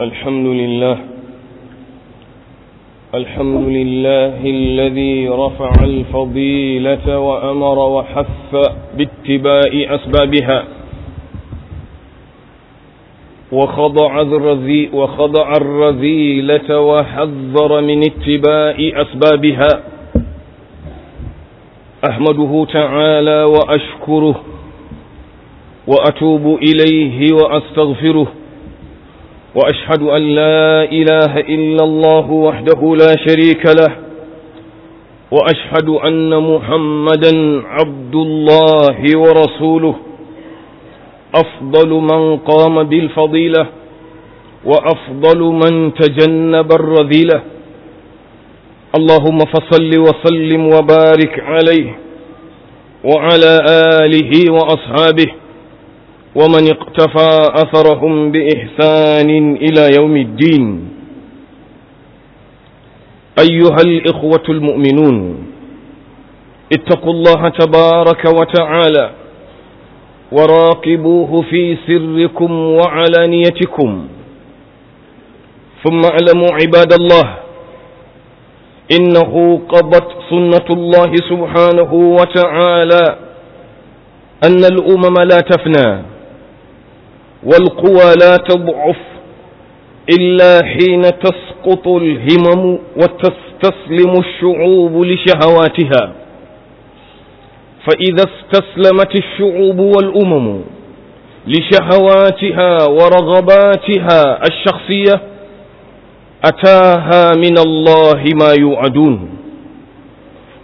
الحمد لله الحمد لله الذي رفع الفضيلة وأمر وحف باتباع أسبابها وخضع الرذي وخضع الرذيلة وحذر من اتباع أسبابها أحمده تعالى وأشكره وأتوب إليه وأستغفره وأشهد أن لا إله إلا الله وحده لا شريك له وأشهد أن محمدا عبد الله ورسوله أفضل من قام بالفضيلة وأفضل من تجنب الرذيلة اللهم فصل وسلم وبارك عليه وعلى آله وأصحابه ومن اقتفى أثرهم بإحسان إلى يوم الدين أيها الإخوة المؤمنون اتقوا الله تبارك وتعالى وراقبوه في سركم وعلانيتكم ثم اعلموا عباد الله إنه قضت سنة الله سبحانه وتعالى أن الأمم لا تفنى والقوى لا تضعف إلا حين تسقط الهمم وتستسلم الشعوب لشهواتها فإذا استسلمت الشعوب والأمم لشهواتها ورغباتها الشخصية أتاها من الله ما يوعدون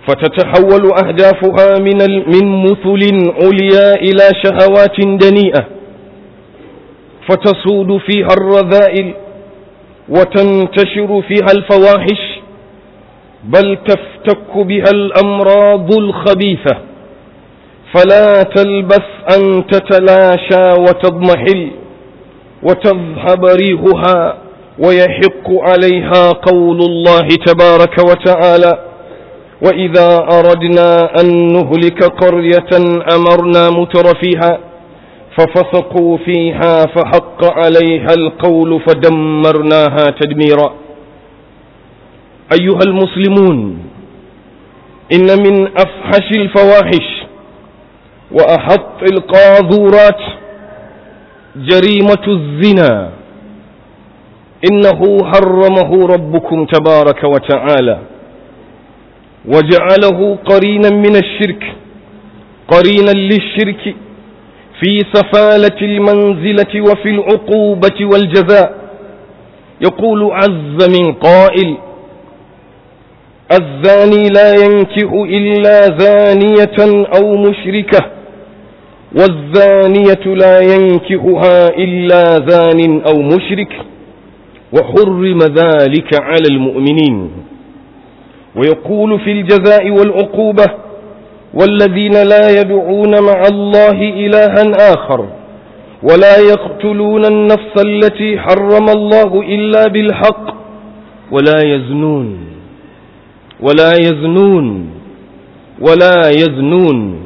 فتتحول أهدافها من من مثل عليا إلى شهوات دنيئة فتصود فيها الرذائل وتنتشر فيها الفواحش بل تفتك بها الأمراض الخبيثة فلا تلبث أن تتلاشى وتضمحل وتذهب ريحها ويحق عليها قول الله تبارك وتعالى وإذا أردنا أن نهلك قرية أمرنا متر فيها ففسقوا فيها فحق عليها القول فدمرناها تدميرا أيها المسلمون إن من أفحش الفواحش وأحط القاذورات جريمة الزنا إنه حرمه ربكم تبارك وتعالى وجعله قرينا من الشرك قرينا للشرك في سفالة المنزلة وفي العقوبة والجزاء يقول عز من قائل الزاني لا ينكئ إلا زانية أو مشركة والزانية لا ينكئها إلا زان أو مشرك وحرم ذلك على المؤمنين ويقول في الجزاء والعقوبة والذين لا يدعون مع الله إلها آخر ولا يقتلون النفس التي حرم الله إلا بالحق ولا يزنون ولا يزنون ولا يزنون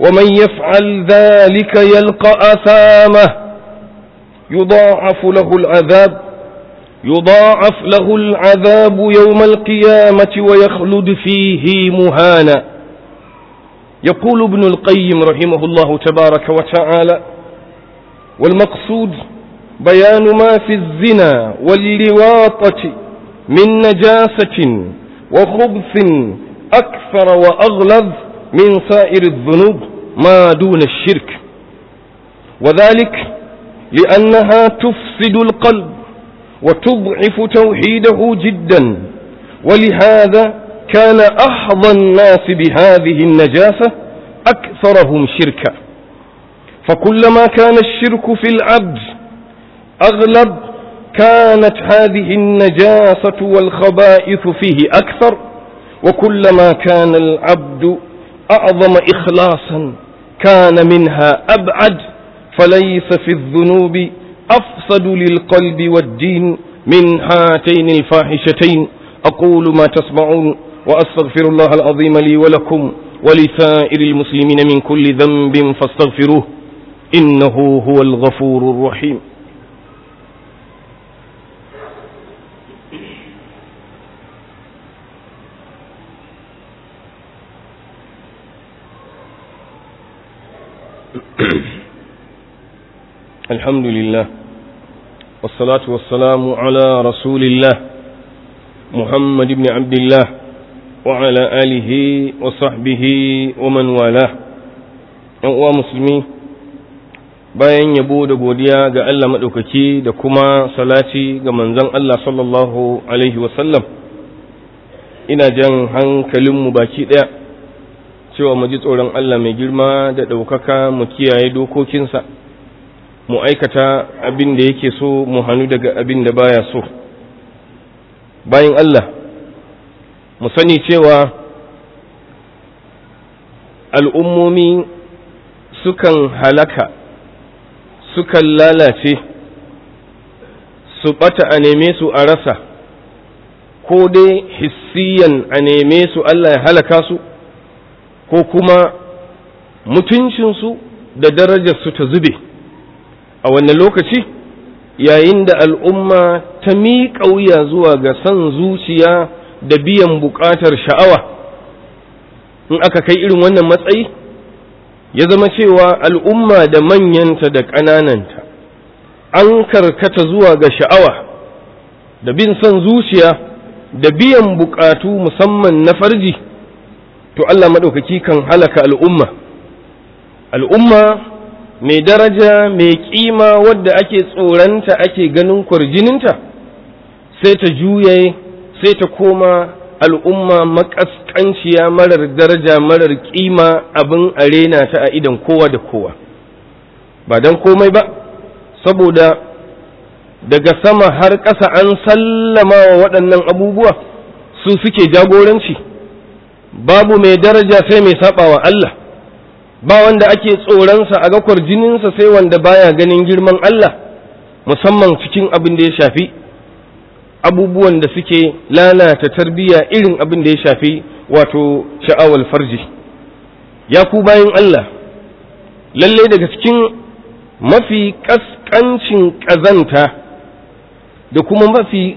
ومن يفعل ذلك يلقى أثامه يضاعف له العذاب يضاعف له العذاب يوم القيامة ويخلد فيه مهانا يقول ابن القيم رحمه الله تبارك وتعالى والمقصود بيان ما في الزنا واللواطة من نجاسة وخبث أكثر وأغلظ من سائر الذنوب ما دون الشرك وذلك لأنها تفسد القلب وتضعف توحيده جدا ولهذا كان أحظى الناس بهذه النجاسة أكثرهم شركا فكلما كان الشرك في العبد أغلب كانت هذه النجاسة والخبائث فيه أكثر وكلما كان العبد أعظم إخلاصا كان منها أبعد فليس في الذنوب أفسد للقلب والدين من هاتين الفاحشتين أقول ما تسمعون وأستغفر الله العظيم لي ولكم ولسائر المسلمين من كل ذنب فاستغفروه إنه هو الغفور الرحيم الحمد لله والصلاة والسلام على رسول الله محمد بن عبد الله وعلى آله وصحبه ومن والاه uwa musulmi bayan yabo da godiya ga Allah maɗaukaki da kuma salati ga manzon Allah sallallahu alaihi wasallam ina jan hankalinmu baki ɗaya cewa mu ji tsoron Allah mai girma da ɗaukaka mu kiyaye dokokinsa mu aikata abin da yake so mu hannu daga abin da baya so bayan Allah mu sani cewa al'ummomi sukan halaka sukan lalace su ɓata a neme su a rasa ko dai hissiyan a neme su Allah ya halaka su ko kuma mutuncinsu da darajarsu ta zube a wannan lokaci yayin da al'umma ta miƙa wuya zuwa ga son zuciya da biyan buƙatar sha'awa in aka kai irin wannan matsayi ya zama cewa al'umma da manyanta da ƙanananta an karkata zuwa ga sha'awa da bin son zuciya da biyan buƙatu musamman na farji to Allah maɗaukaki kan halaka al'umma al'umma mai daraja mai ƙima wadda ake tsoranta ake ganin kwarjininta sai ta juye sai ta koma al'umma makaskanciya marar daraja marar ƙima abin arena ta a idan kowa da kowa ba don komai ba saboda daga sama har ƙasa an sallama wa waɗannan abubuwa su suke jagoranci babu mai daraja sai mai saba wa Allah ba wanda ake tsoronsa a gakwar jininsa sai wanda baya ganin girman Allah musamman cikin abin da ya shafi abubuwan da suke lalata tarbiyya irin abin da ya shafi wato sha'awal farji ya ku bayan Allah lalle daga cikin mafi kaskancin ƙazanta da kuma mafi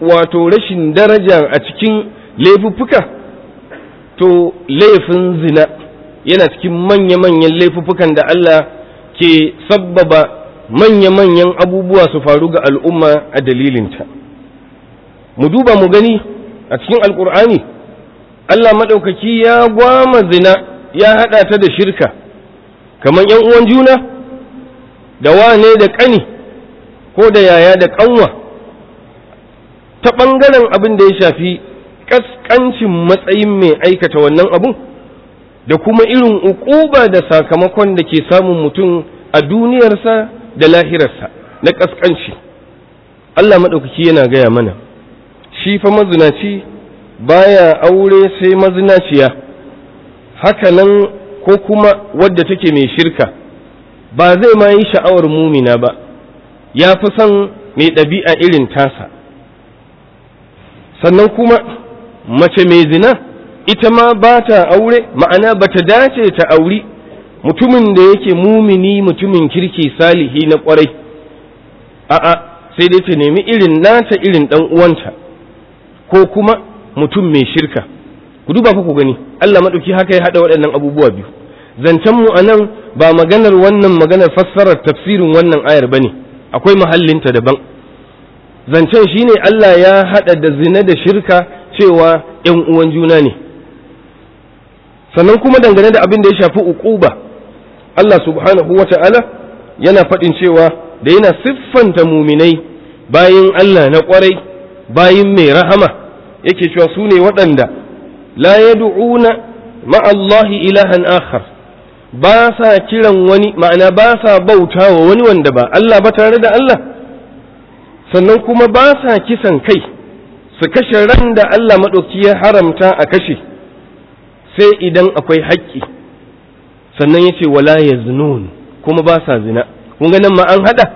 wato rashin daraja a cikin laifuffuka to laifin zina yana cikin manya-manyan laifuffukan da Allah ke sabbaba manya-manyan abubuwa su faru ga al'umma a dalilinta mu duba mu gani a cikin alkur'ani Allah maɗaukaki ya gwama zina ya haɗa ta da shirka kamar ‘yan uwan juna da wane da ƙani ko da yaya da ƙanwa ta ɓangaren abin da ya shafi ƙasƙancin matsayin mai aikata wannan abun da kuma irin uquba da sakamakon da ke samun mutum a duniyarsa da lahirarsa na ƙasƙanci Allah maɗaukaki yana gaya mana shi fa mazinaci baya aure sai mazinaciya haka nan ko kuma wadda take mai shirka ba zai ma yi sha'awar mumina ba ya fi son mai ɗabi'a irin tasa sannan kuma mace mai zina ita ma ba ta aure ma'ana ba ta dace ta auri mutumin da yake mumini mutumin kirki salihi na ƙwarai a'a sai dai ta nemi irin nata irin ɗan uwanta ko kuma mutum mai shirka ku duba ku gani Allah madauki haka ya hada waɗannan abubuwa biyu zancen mu anan ba maganar wannan maganar fassarar tafsirin wannan ayar bane akwai mahallinta daban zancen shine Allah ya hada da zina da shirka cewa ‘yan uwan juna ne sannan kuma dangane da abin da ya shafi uquba Allah subhanahu wata'ala yana faɗin cewa da yana siffanta muminai bayan Allah na kwarai. bayin mai rahama yake cewa su ne waɗanda la yad'una ma'allahi ilahan akhar ba sa kiran wani ma'ana ba sa bauta wa wani wanda ba Allah ba tare da Allah sannan kuma ba sa kisan kai su kashe ran da Allah maɗauki ya haramta a kashe sai idan akwai haƙƙi sannan ya ce wala ya kuma ba sa zina kun ganin ma an haɗa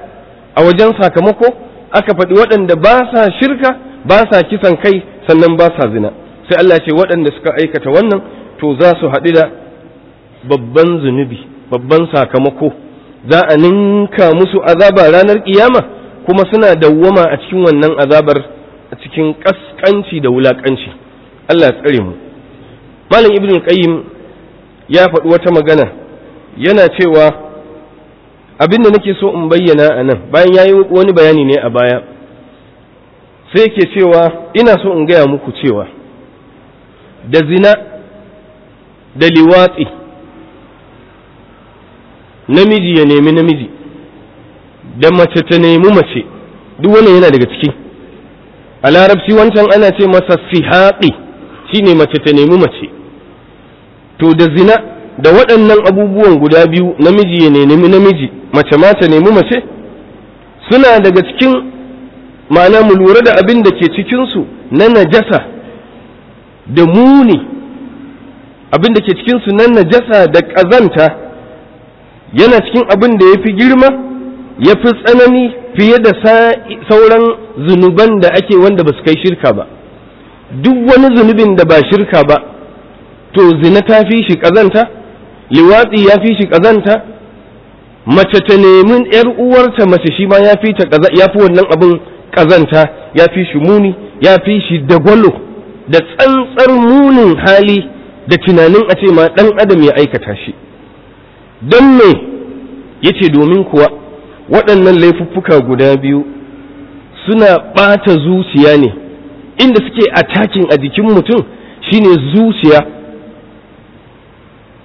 a wajen sakamako aka faɗi waɗanda ba sa shirka ba sa kisan kai sannan ba sa zina sai Allah ce waɗanda suka aikata wannan to za su haɗu da babban zunubi babban sakamako za a ninka musu azaba ranar kiyama kuma suna dawwama a cikin wannan azabar a cikin kaskanci da wulakanci Allah ya tsare mu malam ibnu qayyim ya faɗi wata magana yana cewa abin da nake so in bayyana a nan bayan ya yi wani bayani ne a baya sai ke cewa ina so in gaya muku cewa da zina da liwatsi namiji ya nemi namiji da mace ta nemi mace duk wannan yana daga ciki a larabci wancan ana ce masa shi shine mace ta nemi mace to da zina da waɗannan abubuwan guda biyu namiji ya nemi namiji mace ma ta nemi mace suna daga cikin ma'ana mu lura da abin da ke cikinsu na najasa da muni abin da ke cikinsu na najasa da ƙazanta yana cikin abin da ya fi girma ya fi tsanani fiye da sauran zunuban da ake wanda ba su kai shirka ba duk wani zunubin da ba shirka ba to zina ta fi shi ƙazanta liwatsi ya fi shi ƙazanta mace ta nemi ‘yar uwarta mace shi ma ya fi wannan abun kazanta, ya fi shi muni ya fi shi gwalo, da tsantsar munin hali da tunanin a ce ma ɗan adam ya aikata shi don me ya ce domin kuwa waɗannan laifuffuka guda biyu suna ɓata zuciya ne inda suke a takin a jikin mutum shine zuciya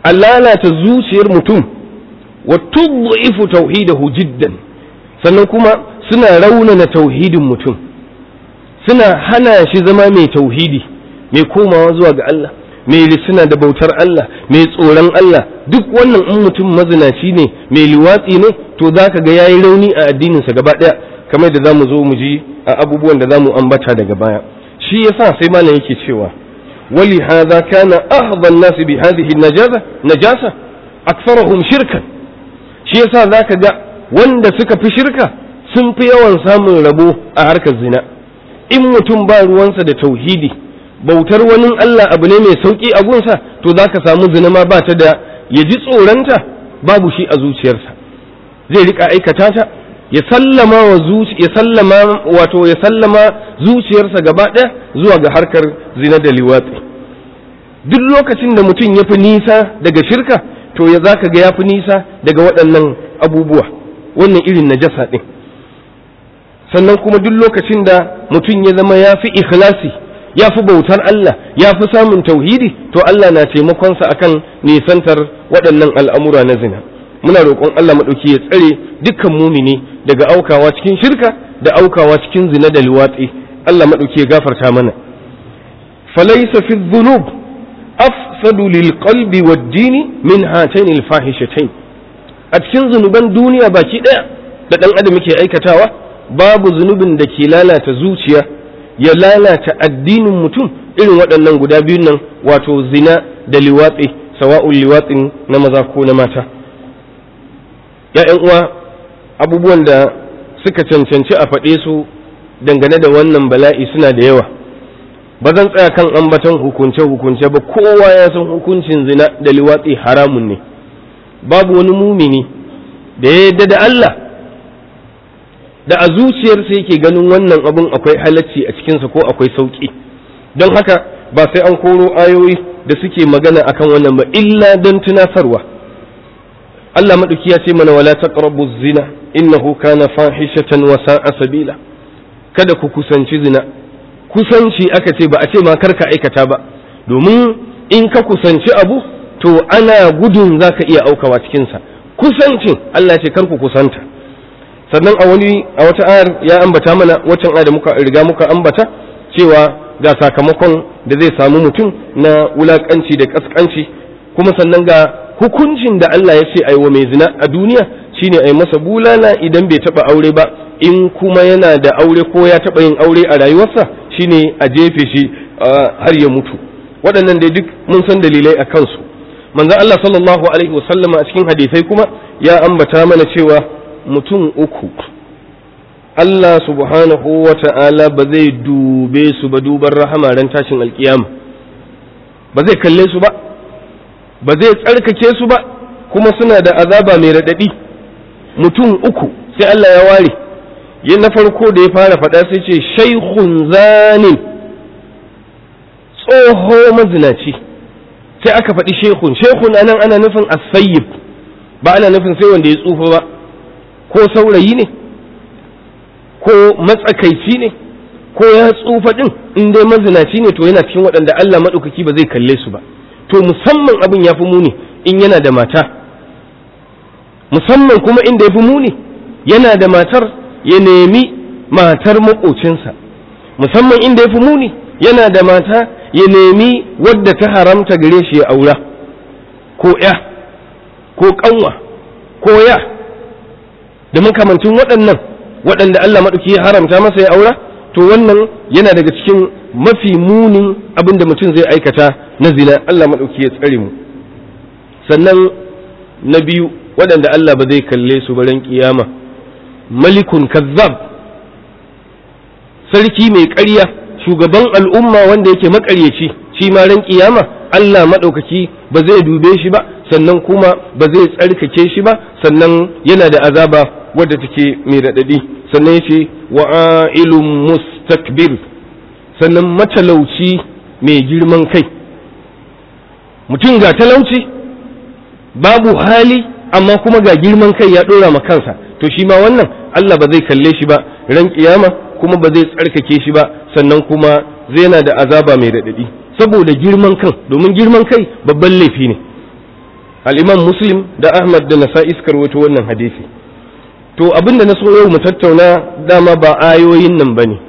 a lalata zuciyar mutum wa tudda'ifu tauhidahu jiddan sannan kuma suna raunana tauhidin mutum suna hana shi zama mai tauhidi mai komawa zuwa ga Allah mai lisuna da bautar Allah mai tsoron Allah duk wannan in mutum mazinaci ne mai liwatsi ne to zaka ga yayi rauni a addininsa gaba daya kamar da mu zo mu ji a abubuwan da za mu ambata daga baya shi yasa sai malam yake cewa ولهذا كان أهضى الناس بهذه النجاسة نجاسة أكثرهم شركا شيء ذاك جاء wanda suka fi shirka sun fi yawan samun rabo a harkar zina in mutum ba ruwansa da tauhidi bautar wani Allah abu ne mai sauki a gunsa to za ka samu zina ma ba ta da ya ji tsoronta babu shi a zuciyarsa zai rika aikata ta ya sallama wa zuci ya sallama wato ya sallama zuciyarsa gaba ɗaya zuwa ga harkar zina da liwatsi duk lokacin da mutum ya fi nisa daga shirka to ya zaka ga ya fi nisa daga waɗannan abubuwa wannan irin najasa ɗin sannan kuma duk lokacin da mutum ya zama ya fi ikhlasi ya fi bautar Allah ya fi samun tauhidi to Allah na taimakonsa akan nisantar waɗannan al'amura na zina muna roƙon Allah maɗauki ya tsare dukkan mumini daga aukawa cikin shirka da aukawa cikin zina da liwatsi Allah maɗauki ya gafarta mana falaisa fi dhunub afsadu lil qalbi wad dini min hatain al fahishatain a cikin zunuban duniya baki daya da dan adam yake aikatawa babu zunubin da ke lalata zuciya ya lalata addinin mutum irin waɗannan guda biyun nan wato zina da liwatsi sawa'ul liwatsin na maza ko na mata ya'yan uwa abubuwan da suka cancanci a faɗe su dangane da wannan bala'i suna da yawa ba zan tsaya kan ambaton hukunce-hukunce ba kowa ya san hukuncin zina da liwatsi haramun ne babu wani mumini da ya yadda da Allah da a zuciyarsa yake ganin wannan abun akwai halacci a cikinsa ko akwai sauƙi don haka ba sai an koro ayoyi da suke magana akan wannan ba illa don tunasarwa Allah maɗauki ya ce mana wala taqrabu zina innahu kana fahishatan wa sa'a sabila kada ku kusanci zina kusanci aka ce ba a ce ma karka aikata ba domin in ka kusanci abu to ana gudun zaka iya aukawa cikin sa kusanci Allah ce kar ku kusanta sannan a wani a wata ayar ya ambata mana waccan ayar da muka riga muka ambata cewa ga sakamakon da zai samu mutum na wulakanci da kaskanci kuma sannan ga hukuncin da Allah ya ce ai wa mai zina a duniya shine yi masa bulala idan bai taba aure ba in kuma yana da aure ko ya taba yin aure a rayuwarsa shine a jefe shi har ya mutu waɗannan dai duk mun san dalilai a kansu manzon Allah sallallahu alaihi wasallama a cikin hadisai kuma ya ambata mana cewa mutum uku Allah subhanahu wa ta'ala ba zai dube su ba duban rahama ran tashin alkiyama ba zai kalle su ba ba zai tsarkake su ba kuma suna da azaba mai raɗaɗi mutum uku sai Allah ya ware yin na farko da ya fara faɗa sai ce shaikhun zanin tsoho mazinaci sai aka faɗi shaikhun shaikhun anan ana nufin asayyib ba ana nufin sai wanda ya tsufa ba ko saurayi ne ko matsakaici ne ko ya tsufa ɗin in dai mazinaci ne to yana cikin waɗanda Allah maɗaukaki ba zai kalle su ba to musamman abin ya fi muni in yana da mata musamman kuma inda ya fi muni yana da matar ya nemi matar maƙocinsa musamman inda ya fi muni yana da mata ya nemi wadda ta haramta gare shi ya aura ko ya ko ƙanwa ko ya da makamancin waɗannan waɗanda Allah maɗauki ya haramta masa ya aura to wannan yana daga cikin mafi munin abin da mutum zai aikata na zina Allah maɗauki ya tsare mu sannan na biyu waɗanda Allah ba zai kalle su baran kiyama malikun kazzab sarki mai ƙarya shugaban al'umma wanda yake maƙaryaci shi ma ran kiyama Allah maɗaukaki ba zai dube shi ba sannan kuma ba zai tsarkake shi ba sannan yana da azaba wadda take mai raɗaɗi sannan yace ce wa'ailun mustakbir sannan matalauci mai girman kai mutum ga talauci babu hali amma kuma ga girman kai ya ɗora ma kansa to shi ma wannan Allah ba zai kalle shi ba ran kiyama kuma ba zai tsarkake shi ba sannan kuma zai yana da azaba mai daɗaɗi saboda girman kan domin girman kai babban laifi ne al'imam muslim da ahmad da nasa iskar wato wannan hadisi to abinda na so yau mu tattauna dama ba ayoyin nan ba ne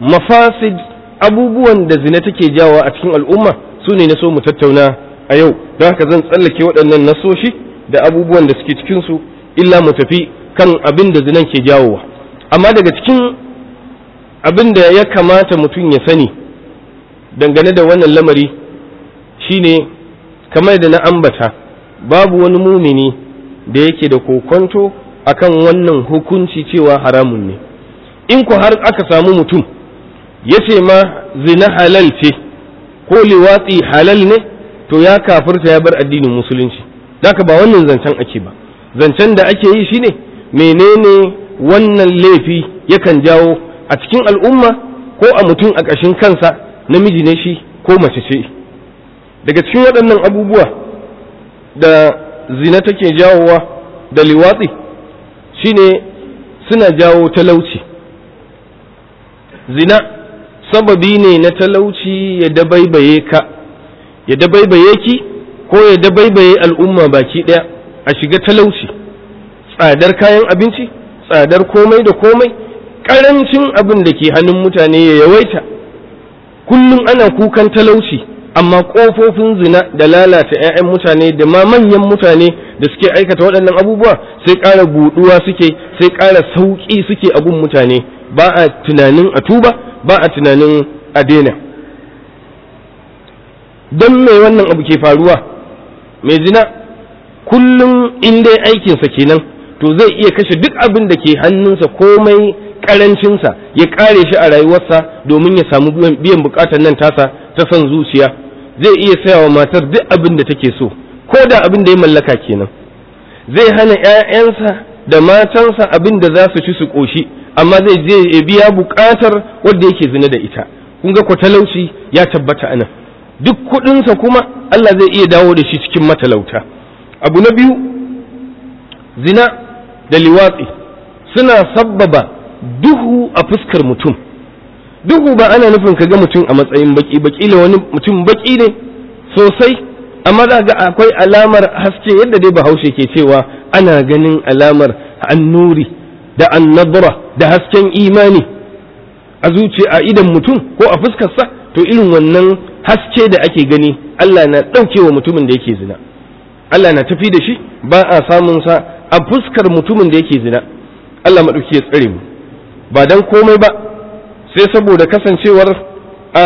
mafasid abubuwan da zina take jawa a cikin al'umma su ne na so mu tattauna a yau don haka zan tsallake waɗannan nasoshi da abubuwan da suke cikinsu illa mu tafi kan abin da zinan ke jawowa amma daga cikin abin da ya kamata mutum ya sani dangane da wannan lamari shine kamar da na ambata babu wani mumini da yake da kokonto akan wannan hukunci cewa haramun ne in ku har aka samu mutum ya ce ma zina halal ce ko liwatsi halal ne to ya kafirta ya bar addinin musulunci daka ba wannan zancen ake ba zancen da ake yi shine menene wannan laifi yakan jawo a cikin al'umma ko a mutum a ƙashin kansa namiji ne shi ko mace ce daga cikin waɗannan abubuwa da zina take jawowa da liwatsi shine suna jawo talauci zina sababi ne na talauci ya dabaibaye ka ya dabaibaye ki ko ya dabaibaye al'umma baki ɗaya a shiga talauci tsadar kayan abinci tsadar komai da komai ƙarancin abin da ke hannun mutane ya yawaita kullum ana kukan talauci amma ƙofofin zina da lalata 'ya'yan mutane da ma manyan mutane da suke aikata waɗannan abubuwa sai ƙara buɗuwa suke sai ƙara sauƙi suke abun mutane ba a tunanin a tuba ba a tunanin a don mai wannan abu ke faruwa mai zina kullum in dai aikinsa kenan to zai iya kashe duk abin da ke hannunsa komai karancinsa ya kare shi a rayuwarsa domin ya samu biyan bukatar nan tasa ta son zuciya zai iya saya wa matar duk abin da take so ko da abin da ya mallaka kenan zai hana 'ya'yansa da matansa abin da za su ci su ƙoshi amma zai je ya biya buƙatar wanda yake zina da ita kun ga kwatalauci ya tabbata anan duk kuɗinsa kuma Allah zai iya dawo da shi cikin matalauta abu na biyu zina da liwatsi suna sabbaba duhu a fuskar mutum duhu ba ana nufin ka ga mutum a matsayin baki baki wani mutum baki ne sosai amma za ga akwai alamar haske yadda dai bahaushe ke cewa ana ganin alamar annuri da annadura da hasken imani a zuciya a idan mutum ko a fuskarsa to irin wannan haske da ake gani Allah na ɗaukewa mutumin da yake zina Allah na tafi da shi ba a samun sa a fuskar mutumin da yake zina Allah maɗauki ya tsare mu ba dan komai ba sai saboda kasancewar a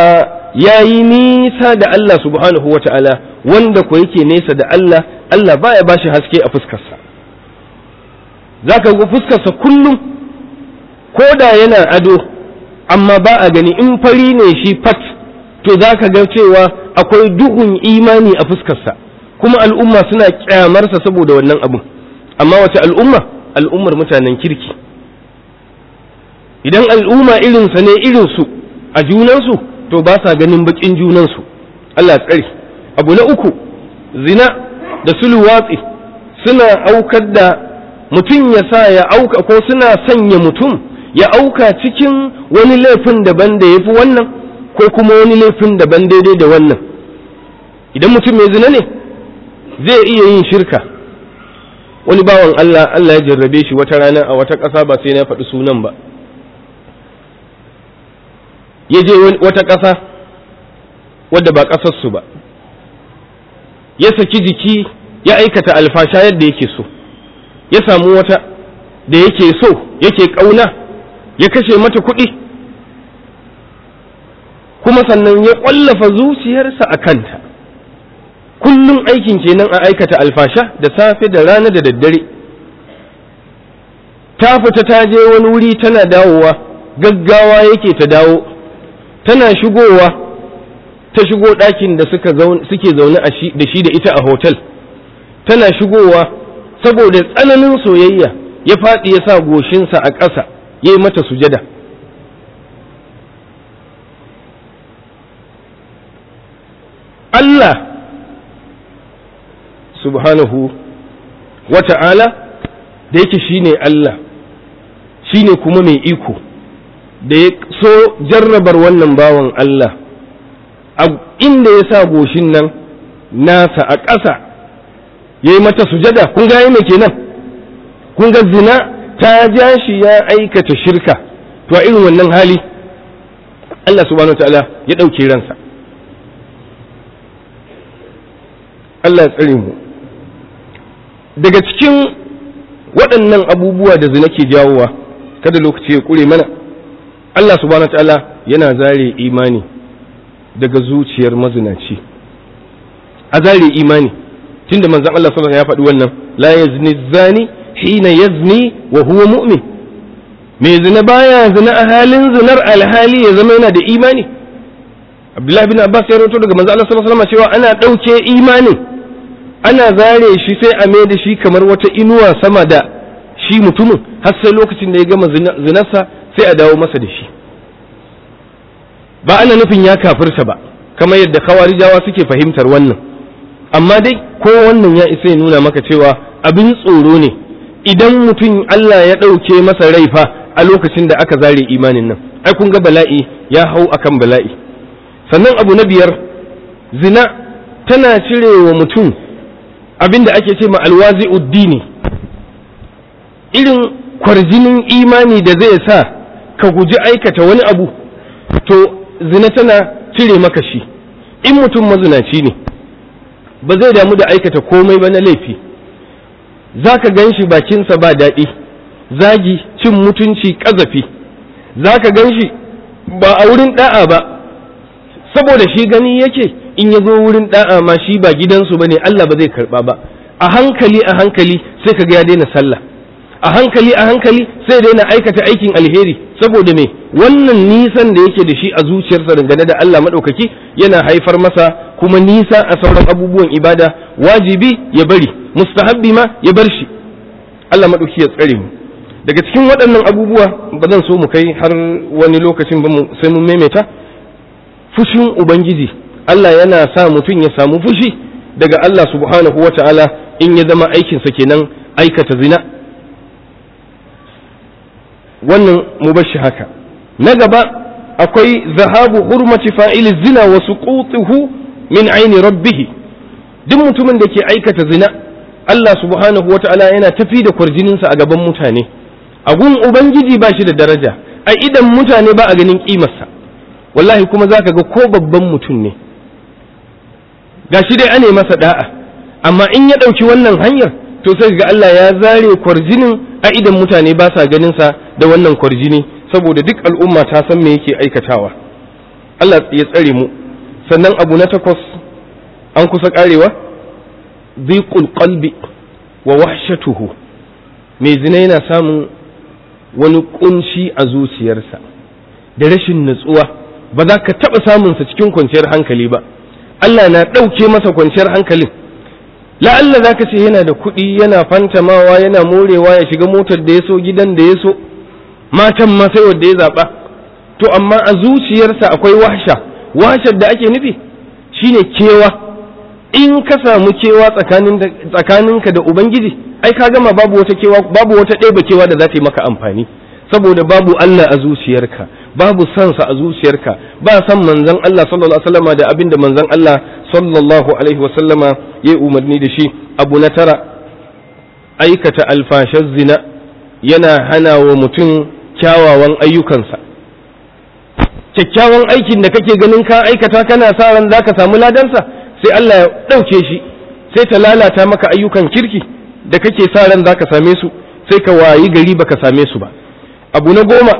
yayi nisa da Allah subhanahu wata'ala wanda ko yake nesa da Allah Allah baya shi haske a fuskarsa zaka ga fuskarsa kullum ko da yana ado amma ba a gani in fari ne shi fat to za ka ga cewa akwai duhun imani a fuskarsa kuma al'umma suna kyamarsa saboda wannan abu. amma wace al'umma al'ummar mutanen kirki idan al'umma irinsa ne irinsu a junansu to ba sa ganin bakin junansu Allah tsari abu na uku zina da suluwatsi suna aukar da mutum ya sa ya auka ko suna sanya mutum ya auka cikin wani laifin daban da ya fi wannan ko kuma wani laifin daban daidai da wannan idan mutum mai zina ne zai iya yin shirka wani bawan Allah Allah ya jarrabe shi wata rana a wata ƙasa ba sai na faɗi sunan ba ya je wata ƙasa wadda ba ƙasarsu ba ya saki jiki ya aikata alfasha yadda yake so ya samu wata da yake so yake ƙauna ya kashe mata kuɗi kuma sannan ya ƙwallafa zuciyarsa a kanta kullum aikin kenan a aikata alfasha da safe da rana da daddare ta fita ta je wani wuri tana dawowa gaggawa yake ta dawo tana shigowa ta shigo ɗakin da suke zaune da shi da ita a hotel tana shigowa saboda tsananin soyayya ya faɗi ya sa goshinsa a ƙasa yayi mata sujada Allah subhanahu wa ta'ala da yake shine Allah shine kuma mai iko da ya so jarrabar wannan bawan Allah a inda ya sa goshin nan nasa a ƙasa ya yi mata sujada kun ga yana kenan kun ga zina ta ja shi ya aikata shirka to a irin wannan hali Allah subhanahu wataala ya ɗauke ransa Allah ya tsare mu daga cikin waɗannan abubuwa da zina ke jawowa kada lokaci ya ƙure mana Allah subhanahu wataala yana zare imani daga zuciyar mazinaci a zare imani tunda manzon Allah sallallahu alaihi ya faɗi wannan la yazni zani hina yazni wa huwa mu'min mai zina baya zina a halin zinar alhali ya zama yana da imani abdullahi bin abbas ya rawaito daga manzo Allah sallallahu alaihi cewa ana dauke imanin ana zare shi sai a mai da shi kamar wata inuwa sama da shi mutumin har sai lokacin da ya gama zinarsa sai a dawo masa da shi ba ana nufin ya kafirta ba kamar yadda khawarijawa suke fahimtar wannan amma dai ko wannan ya isa ya nuna maka cewa abin tsoro ne idan mutum Allah ya ɗauke masa rai fa a lokacin da aka zare imanin nan ai kun ga bala'i ya hau akan bala'i sannan abu na biyar zina tana cire wa mutum abin da ake ce ma alwazi uddini irin kwarjinin imani da zai sa ka guji aikata wani abu to zina tana cire maka shi in mutum mazinaci ne ba zai damu da aikata komai ba na laifi za ka gan shi bakinsa ba daɗi zagi cin mutunci ƙazafi za ka gan shi ba a wurin ɗa'a ba saboda shi gani yake in ya zo wurin ɗa'a ma shi ba gidansu ba ne Allah ba zai karɓa ba a hankali a hankali sai ka ga ya daina sallah a hankali a hankali sai daina aikata aikin alheri saboda me wannan nisan da yake da shi a zuciyarsa dangane da Allah maɗaukaki yana haifar masa kuma nisa a sauran abubuwan ibada wajibi ya bari mustahabbi ma ya bar shi Allah maɗauki ya tsare mu daga cikin waɗannan abubuwa ba zan so mu kai har wani lokacin ba mu sai mun maimaita fushin ubangiji Allah yana sa mutum ya samu fushi daga Allah subhanahu wa ta'ala in ya zama aikinsa kenan aikata zina wannan mu bar shi haka na gaba akwai zahabu hurmati fa'ili zina wasu suqutuhu min aini rabbih duk mutumin da ke aikata zina Allah subhanahu wata'ala yana tafi da kwarjininsa a gaban mutane a gun ubangiji ba shi da daraja a idan mutane ba a ganin kimarsa wallahi kuma zaka ga ko babban mutum ne Ga shi dai ane masa da'a amma in ya ɗauki wannan hanyar to sai ga Allah ya zare kwarjinin a idan mutane ba sa ganin sa da wannan kwarjini saboda duk al'umma ta san me yake aikatawa Allah ya tsare mu sannan abu na takwas an kusa karewa zikul qalbi wa wahshatuhu mai zina yana samun wani kunci a zuciyarsa da rashin nutsuwa ba za ka taɓa samunsa cikin kwanciyar hankali ba Allah na ɗauke masa kwanciyar hankalin la'alla za ka ce yana da kuɗi yana fantamawa yana morewa ya shiga motar da ya so gidan da ya so matan ma sai wanda ya zaɓa to amma a zuciyarsa akwai wahsha washar da ake nufi shine kewa in ka samu kewa tsakaninka da ubangiji ai ka gama babu wata kewa babu wata ɗeba kewa da za ta yi maka amfani saboda babu Allah a zuciyarka babu sansa a zuciyarka ba san manzon Allah sallallahu alaihi wasallama da abinda manzon Allah sallallahu alaihi wasallama yayi umarni da shi abu na tara aikata alfashan zina yana hana wa mutum kyawawan ayyukansa kyakkyawan aikin da kake ganin ka aikata kana sa ran za ka samu ladansa sai Allah ya ɗauke shi sai ta lalata maka ayyukan kirki da kake sa ran za ka same su sai ka wayi gari baka same su ba abu na goma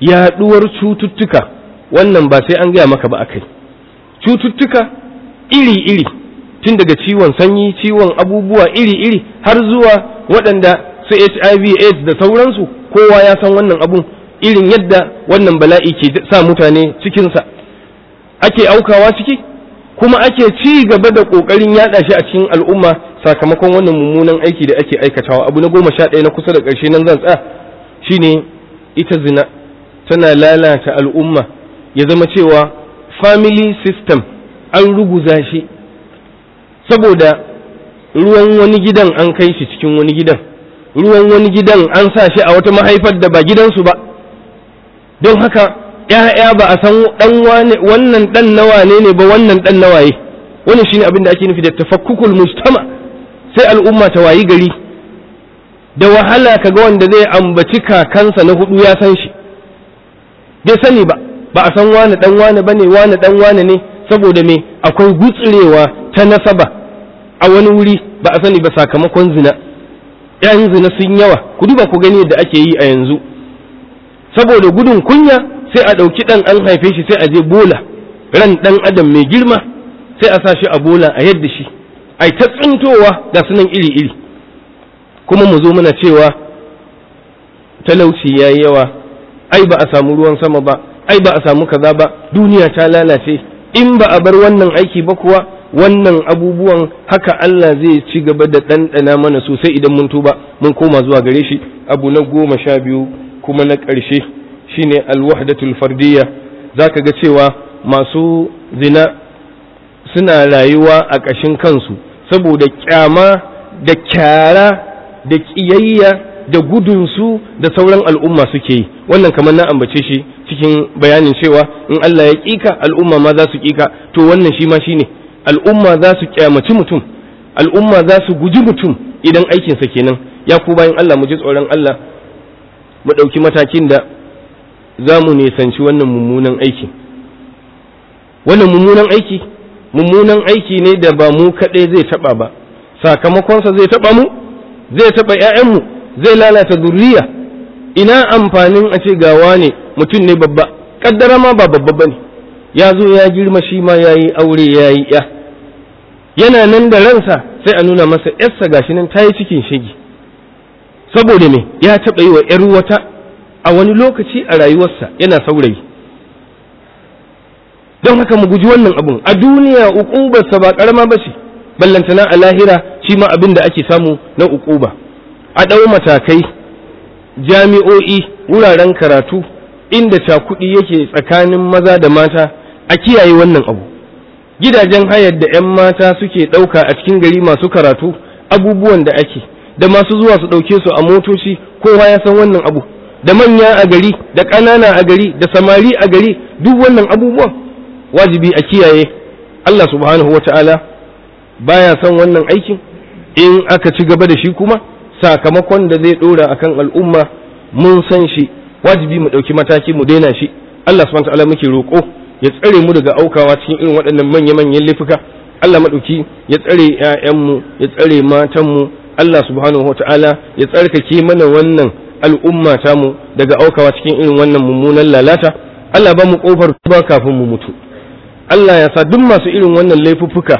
yaɗuwar cututtuka wannan ba sai an gaya maka ba akai cututtuka iri-iri tun daga ciwon sanyi ciwon abubuwa iri-iri har zuwa waɗanda su hiv aids da sauransu kowa ya san wannan abun irin yadda wannan bala'i ke sa mutane cikinsa ake aukawa ciki kuma ake ci gaba da ƙoƙarin yaɗa shi a cikin al'umma sakamakon wannan mummunan aiki da ake aikatawa abu na goma sha ɗaya na kusa da ƙarshe nan zan tsaya shine ita zina tana lalata al'umma ya zama cewa family system an ruguza shi saboda ruwan wani gidan an kai shi cikin wani gidan ruwan wani gidan an sa shi a wata mahaifar da ba gidansu ba don haka ‘ya'ya ba a san wannan dan na wane ne ba wannan dan na waye. wannan shine abin da ake nufi da tafakkukul mustama sai al'umma ta wayi gari da wahala ka ga wanda zai ambaci kakansa na hudu ya san shi bai sani ba ba a san wane dan wane bane wane dan wane ne saboda me akwai gutsurewa ta nasaba a wani wuri ba a sani ba sakamakon zina yan zina sun yawa ku duba ku gani yadda ake yi a yanzu saboda gudun kunya sai a ɗauki ɗan an haife shi sai a je bola ran ɗan adam mai girma sai a sa shi a bola a yadda shi ai ta tsintowa ga sunan iri-iri kuma mu zo muna cewa talauci ya yi yawa ai ba a samu ruwan sama ba ai ba a samu kaza ba duniya ta lalace in ba a bar wannan aiki ba kuwa wannan abubuwan haka Allah zai ci gaba da ɗanɗana mana sosai idan mun tuba mun koma zuwa gare shi abu na goma sha biyu kuma na ƙarshe shine alwahdatul fardiyya zaka ga cewa masu zina suna rayuwa a ƙashin kansu saboda kyama da kyara da ƙiyayya da gudunsu da sauran al'umma suke yi wannan kamar na ambace shi cikin bayanin cewa in Allah ya ƙika al'umma ma za su ƙika to wannan shi ma shi al'umma za su ƙyamaci mutum al'umma za su guji mutum idan aikinsa kenan ya ku bayan Allah mu ji tsoron Allah mu ɗauki matakin da za mu nisanci wannan mummunan aiki wannan mummunan aiki mummunan aiki ne da ba mu kaɗai zai taɓa ba sakamakonsa zai taɓa mu zai taɓa 'ya'yanmu zai lalata zuriya ina amfanin a ce gawa ne mutum ne babba ƙaddara ma ba babba ba ne ya zo ya girma shi ma ya yi aure ya yi ya yana nan da ransa sai a nuna masa yarsa gashi nan ta yi cikin shigi saboda me ya taɓa yi wa ‘yar wata a wani lokaci a rayuwarsa yana saurayi don haka mu guji wannan abun a duniya uƙubarsa ba ƙarama ba ce ballantana a lahira shi ma abin da ake samu na uƙuba a ɗau matakai jami'o'i wuraren karatu inda cakuɗi yake tsakanin maza da mata a kiyaye wannan abu gidajen hayar da 'yan mata suke ɗauka a cikin gari masu karatu abubuwan da ake da masu zuwa su ɗauke su a motoci kowa ya san wannan abu da manya a gari da ƙanana a gari da samari a gari duk wannan abubuwan wajibi a kiyaye Allah subhanahu wata'ala baya son wannan aikin in aka ci gaba da shi kuma sakamakon da zai ɗora akan al'umma mun san shi wajibi mu ɗauki mataki mu daina shi Allah subhanahu wata'ala muke roƙo ya tsare mu daga aukawa cikin irin waɗannan manya-manyan laifuka Allah maɗauki ya tsare 'ya'yanmu ya tsare matanmu Allah subhanahu wa ta'ala ya tsarkake mana wannan al'umma tamu daga aukawa cikin irin wannan mummunan lalata Allah ba mu kofar tuba kafin mu mutu Allah ya sa duk masu irin wannan laifuffuka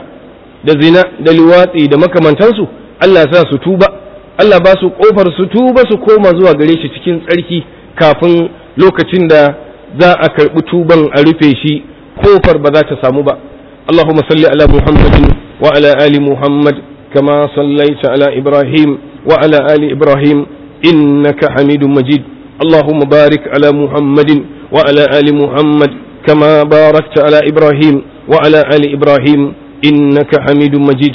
da zina da liwatsi da makamantansu Allah ya sa su tuba Allah ba su kofar su tuba su koma zuwa gare shi cikin tsarki kafin lokacin da za a karɓi tuban a rufe shi kofar ba za ta samu ba Allahumma salli ala Muhammadin wa ala ali Muhammad كما صليت على إبراهيم وعلى آل إبراهيم إنك حميد مجيد اللهم بارك على محمد وعلى آل محمد كما باركت على إبراهيم وعلى آل إبراهيم إنك حميد مجيد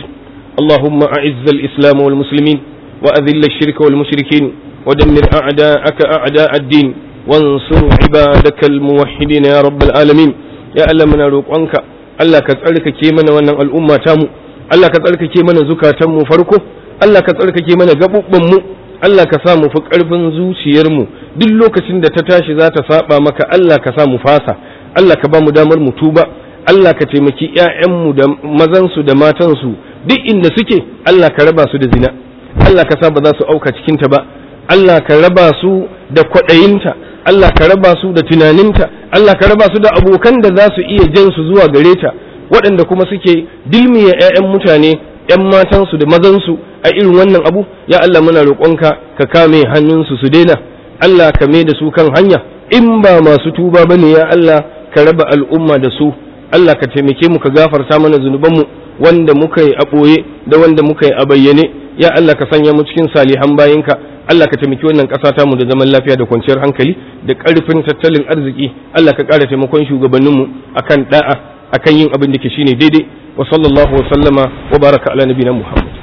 اللهم أعز الإسلام والمسلمين وأذل الشرك والمشركين ودمر أعداءك أعداء الدين وانصر عبادك الموحدين يا رب العالمين يا ألمنا روقانك ألا كتعلك كيمن وأن الأمة تامو Allah ka tsarkake mana zukatan mu farko Allah ka tsarkake mana gaɓuɓɓanmu Allah ka sa mu fi ƙarfin zuciyarmu duk lokacin da ta tashi za ta saba maka Allah ka sa mu fasa Allah ka ba mu damar mu tuba Allah ka taimaki ƴaƴanmu da mazansu da matansu duk inda suke Allah ka raba su da zina Allah ka sa ba za su auka cikin ta ba Allah ka raba su da kwaɗayinta Allah ka raba su da tunaninta Allah ka raba su da abokan da za su iya jan su zuwa gare ta waɗanda kuma suke dilmiya 'ya'yan mutane 'yan matansu da mazansu a irin wannan abu ya Allah muna roƙonka ka kame hannunsu su daina Allah ka mai da su kan hanya in ba masu tuba ba ne ya Allah ka raba al'umma da su Allah ka taimake mu ka gafarta mana zunubanmu wanda muka yi a ɓoye da wanda muka yi a bayyane ya Allah ka sanya mu cikin salihan bayinka Allah ka taimaki wannan ƙasa tamu da zaman lafiya da kwanciyar hankali da ƙarfin tattalin arziki Allah ka ƙara taimakon shugabanninmu akan da'a akan yin abin da ke shine daidai wa sallallahu wa sallama wa baraka ala nabiyina muhammad